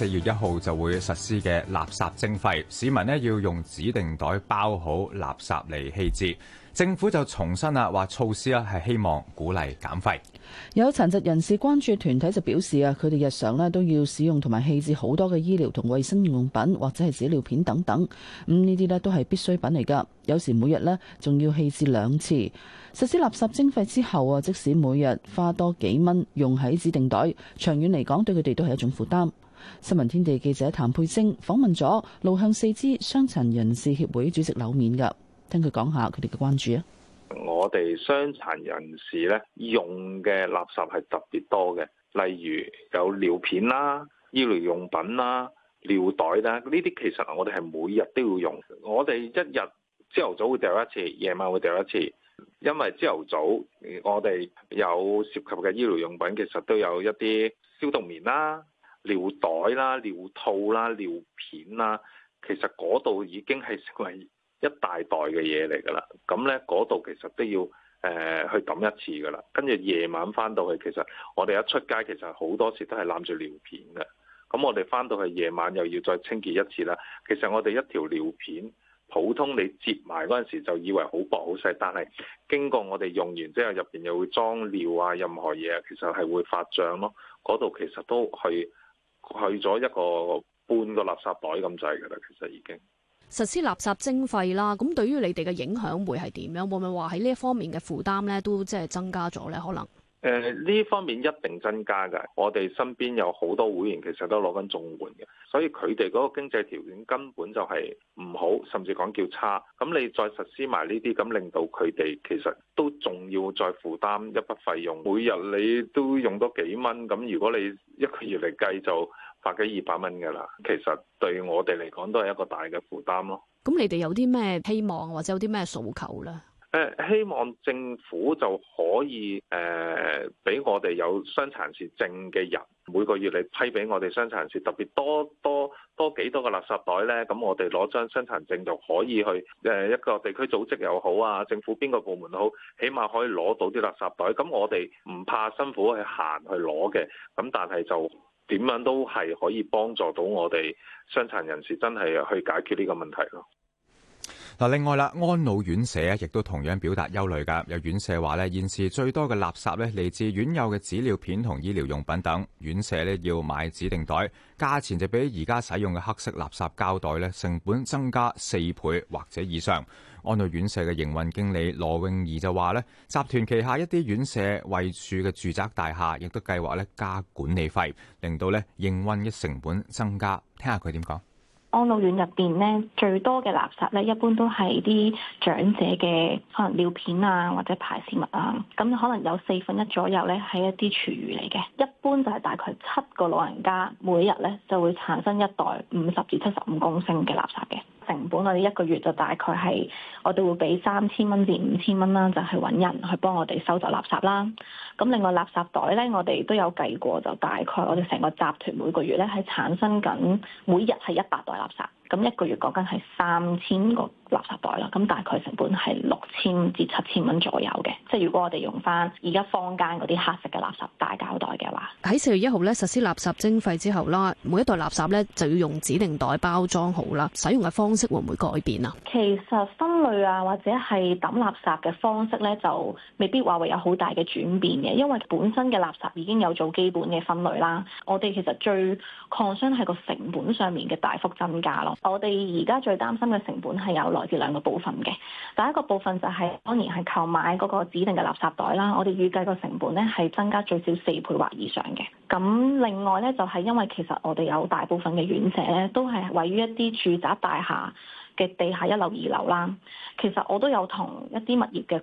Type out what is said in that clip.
四月一號就會實施嘅垃圾徵費，市民咧要用指定袋包好垃圾嚟棄置。政府就重申啦，話措施啊係希望鼓勵減廢。有殘疾人士關注團體就表示啊，佢哋日常咧都要使用同埋棄置好多嘅醫療同衛生用品或者係紙尿片等等。咁、嗯、呢啲咧都係必需品嚟噶，有時每日咧仲要棄置兩次。實施垃圾徵費之後啊，即使每日花多幾蚊用喺指定袋，長遠嚟講對佢哋都係一種負擔。新聞天地記者譚佩貞訪問咗路向四肢傷殘人士協會主席柳冕嘅，聽佢講下佢哋嘅關注啊！我哋傷殘人士咧用嘅垃圾係特別多嘅，例如有尿片啦、醫療用品啦、尿袋啦，呢啲其實我哋係每日都要用。我哋一日朝頭早會掉一次，夜晚會掉一次，因為朝頭早我哋有涉及嘅醫療用品，其實都有一啲消毒棉啦。尿袋啦、啊、尿套啦、啊、尿片啦、啊，其實嗰度已經係成為一大袋嘅嘢嚟噶啦。咁咧嗰度其實都要誒、呃、去抌一次噶啦。跟住夜晚翻到去，其實我哋一出街，其實好多時都係攬住尿片嘅。咁我哋翻到去夜晚又要再清潔一次啦。其實我哋一條尿片，普通你折埋嗰陣時，就以為好薄好細，但係經過我哋用完之後入邊又會裝尿啊、任何嘢、啊，其實係會發脹咯。嗰度其實都去。去咗一個半個垃圾袋咁滯噶啦。其實已經實施垃圾徵費啦。咁對於你哋嘅影響會係點樣？會唔會話喺呢一方面嘅負擔咧，都即係增加咗咧？可能？誒，呢方面一定增加噶。我哋身邊有好多會員，其實都攞緊綜援嘅，所以佢哋嗰個經濟條件根本就係唔好，甚至講叫差。咁你再實施埋呢啲，咁令到佢哋其實都仲要再負擔一筆費用。每日你都用多幾蚊，咁如果你一個月嚟計就百幾二百蚊噶啦。其實對我哋嚟講都係一個大嘅負擔咯。咁你哋有啲咩希望或者有啲咩訴求咧？誒，希望政府就可以誒俾，呃、我哋有傷殘事證嘅人每個月嚟批俾我哋傷殘證，特別多多，多多幾多個垃圾袋呢，咁我哋攞張傷殘證就可以去誒，呃、一個地區組織又好啊，政府邊個部門好，起碼可以攞到啲垃圾袋。咁我哋唔怕辛苦去行去攞嘅。咁但係就點樣都係可以幫助到我哋傷殘人士，真係去解決呢個問題咯。嗱，另外啦，安老院舍亦都同樣表達憂慮嘅。有院舍話咧，現時最多嘅垃圾咧嚟自院友嘅紙尿片同醫療用品等。院舍咧要買指定袋，價錢就比而家使用嘅黑色垃圾膠袋咧成本增加四倍或者以上。安老院舍嘅營運經理羅詠怡就話咧，集團旗下一啲院舍位處嘅住宅大廈亦都計劃咧加管理費，令到咧營運嘅成本增加。聽下佢點講。安老院入邊咧，最多嘅垃圾咧，一般都係啲長者嘅可能尿片啊，或者排泄物啊，咁可能有四分一左右咧，係一啲廚餘嚟嘅。一般就係大概七個老人家每日咧，就會產生一袋五十至七十五公升嘅垃圾嘅。成本我哋一個月就大概係，我哋會俾三千蚊至五千蚊啦，就係去揾人去幫我哋收集垃圾啦。咁另外垃圾袋呢，我哋都有計過，就大概我哋成個集團每個月呢係產生緊每日係一百袋垃圾，咁一個月講緊係三千個，垃圾袋啦，咁大概成本係六千至七千蚊左右嘅，即係如果我哋用翻而家坊間嗰啲黑色嘅垃圾大膠袋嘅話，喺四月一號咧實施垃圾徵費之後啦，每一袋垃圾咧就要用指定袋包裝好啦。使用嘅方式會唔會改變啊？其實分類啊或者係抌垃圾嘅方式咧，就未必話會有好大嘅轉變嘅，因為本身嘅垃圾已經有做基本嘅分類啦。我哋其實最關心係個成本上面嘅大幅增加咯。我哋而家最擔心嘅成本係有來自兩個部分嘅，第一個部分就係當然係購買嗰個指定嘅垃圾袋啦。我哋預計個成本呢係增加最少四倍或以上嘅。咁另外呢就係因為其實我哋有大部分嘅院舍咧都係位於一啲住宅大廈嘅地下一樓、二樓啦。其實我都有同一啲物業嘅。